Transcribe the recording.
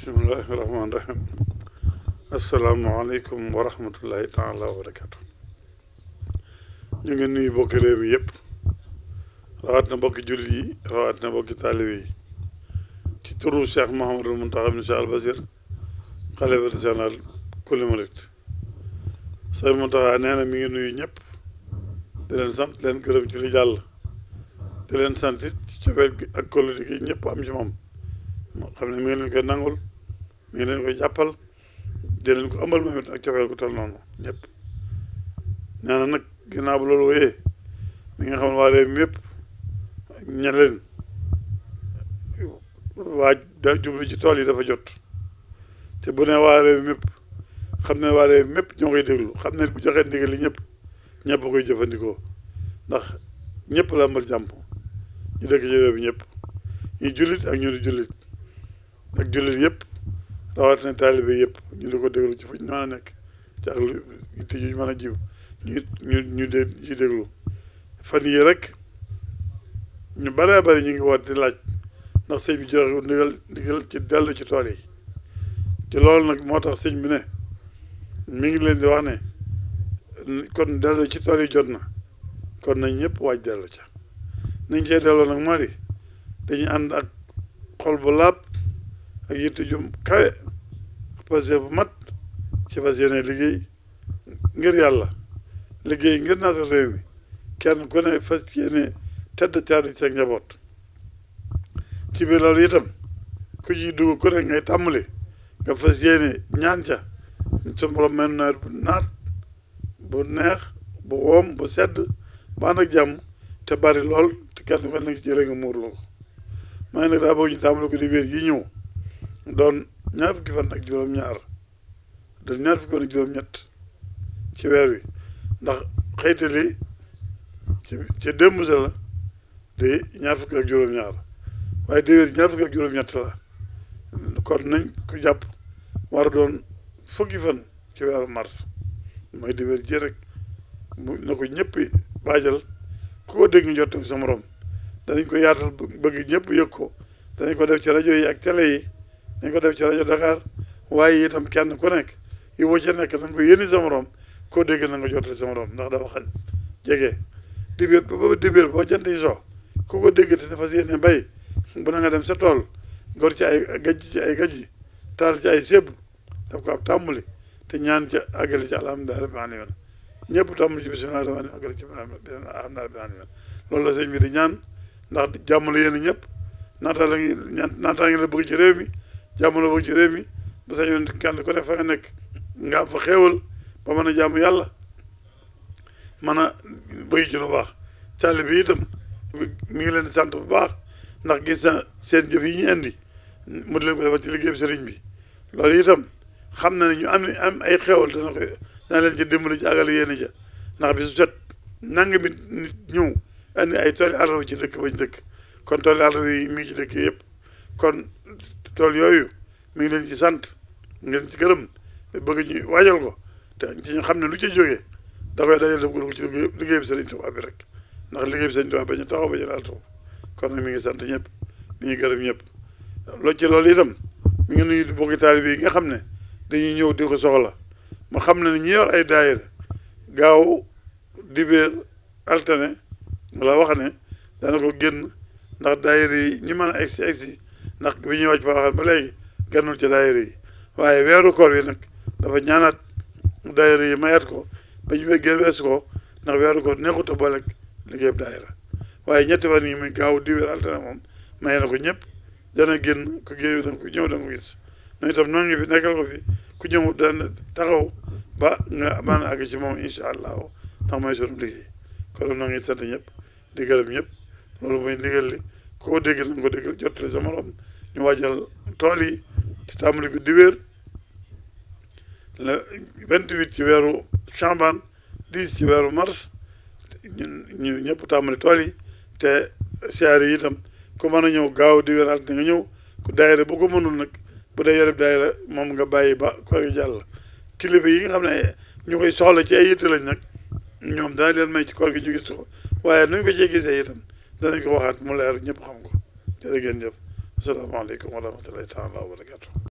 bismillahi rahmaani rahim asalaamaaleykum wa rahmatullahi taala wa barakatu ñu ngi nuyu bokki réew mi yëpp rawaat na bokki jullit yi rawaat na bokki taalibe yi ci turu Cheikh Mouhamadul Mountakha bin Cheikh Al Basir ngi nuyu ñëpp di leen sant leen gërëm ci jàll di leen sant ci cofeel gi ak kóllëre gi ñëpp am ci moom xam ne mi ngi leen koy nangul mi ngi leen koy jàppal di leen ko amal moom ak cofeel ku toll noonu ñëpp nee nag ginnaaw bu loolu wéyee mi nga xam ne waa réew mi ci tool yi dafa jot te bu ne waa réew mi xam ne waa réew mi yëpp ñoo koy déglu xam ne bu joxee ndigal li ñëpp koy jëfandikoo ndax ñëpp la amal jàmm ñu dëkk ci réew bi ñëpp ñu jullit ak ñu di jullit ak jullit yëpp rawatina taalibe yëpp ñu di ko déglu ci fu ñu mën nekk ci ak lu itte ñu mën a jiw ñu ñu ñu déglu fan yii rekk ñu baree ñu ngi woot di laaj ndax sëñ bi ci tool yi ci loolu nag moo tax sëñ bi ne mi ngi leen di wax ne kon dellu ci tool yi jot na kon nañ ñëpp waaj dellu ca nañ cee delloo nag moo di ànd ak xol bu laab ak yitte jum kawe passé bu mat ci fas yéene liggéey ngir yàlla liggéey ngir naatal réew mi kenn ku ne fas yéene tedd caadu ci sa njaboot ci biir lool itam ku ji dugg ku ne ngay tàmmali nga fas yéene ñaan ca su borom mel bu naat bu neex bu woom bu sedd bu ànd ak jàmm te bari lool te kenn ku ne nga nga muur lool maa ngi nag daa bëgg ñu tàmmali ko di wér yi ñëw doon ñaar fukki fan ak juróom-ñaar de ñaar fukki fan ak juróom-ñett ci weer wi ndax xëyte li ci ci sa la de ñaar fukki ak juróom-ñaar waaye déwéer ñaar fukki ak juróom-ñett la kon nañ ko jàpp war doon fukki fan ci weeru mars mooy déwéer ji rek mu na ko ñëppi baajal ku ko dégg ñu jot sa morom danañ ko yaatal bëgg ñëpp yëg ko danañ ko def ci rajo yi ak télé yi dañ ko def ci rajo Dakar waaye itam kenn ko nekk yi woo ca nekk na nga ko yéene sa morom koo dégg na nga jotali sa morom ndax dafa xañ jege dibéer ba dibéer boo so ku ko dégg te dafa yéene bay bu na nga dem sa tool gor ci ay gajj ci ay gajj taal ci ay sébb daf ko ab tàmbali te ñaan ci àggali ci alhamdulilah rabbil alamin ñëpp tàmbali ci bisimilah rabbil alamin àggali ci alhamdulilah rabbil alamin loolu la sëñ bi di ñaan ndax jàmm la yéen ñëpp ngi la bëgg ci réew mi jàmm la boog ci réew mi ba sa yoon kenn ku ne nga nekk nga am fa xéewal ba mën a jàmm yàlla mën a béy ci lu baax taalibe bi itam mi ngi leen di sant bu baax ndax gis na seen jëf yi ñu indi mu di leen ko defal ci liggéey bi sëriñ bi loolu itam xam na ne ñu am ay xéewal dana koy dana leen ci dimbali ci àggale yéen ja ndax bi su set nang mi nit ñëw indi ay tooli àll ci dëkk bañ dëkk kon tooli àll yi mi ngi dëkk yëpp kon tool yooyu mu ngi leen ci sant mi leen ci gërëm bëgg ñuy waajal ko te ci ñu xam ne lu ci jógee da koy dajal def ko ci liggéey bi sëriñ Tuubaa bi rek ndax liggéey bi sëriñ Tuubaa bañ a taxaw bañ a laal kon nag mi ngi sant ñëpp mi ngi loo ci loolu itam mi ngi nuyu bokki taalibe yi nga xam ne dañuy ñëw di ko soxla ma xam ne ni ñuy yor ay daayira gaaw dibéer altane la wax ne dana ko génn ndax daayira yi ñi mën a egsi egsi ndax bi ñuy wàcc Porokhane ba léegi gannul ci daayira yi waaye weeru koor yi nag dafa ñaanaat daayira yi mayaat ko ba ñu bëggee weesu ko ndax weeru koor neexut a booleeg liggéeyub waaye ñetti fan yi muy gaaw di moom may ko ñëpp dana génn ku génn ko ñëw danga ko gis noonu itam noonu fi nekkal ko fi ku ñëw dana taxaw ba nga mën a àgg ci moom incha allahu ndax mooy sunu liggéey kon noo ngi sant ñëpp di gërëm ñëpp loolu mooy ndigal li koo dégg na nga ko déggal jottali sa ñu waajal tool yi ci tàmbali ko diwéer le vingt huit ci weeru chamban dix ci weeru mars ñu ñëpp tàmbali tool yi te siyaare yi itam ko mën a ñëw gaaw diwéer at nga ñëw ku daayira bu ko mënul nag bu dee yore daayira moom nga bàyyi ba koy jàll kilifa yi nga xam ne ñu koy soxla ci ay yitte lañ nag ñoom dana leen may ci koor gi ñu gis ko waaye nuñ ko cee gisee itam danañ ko waxaat mu leer ñëpp xam ko jërë ngeen jëf asalaamaaleykum wa rahmatulahi taala wa barakaatu.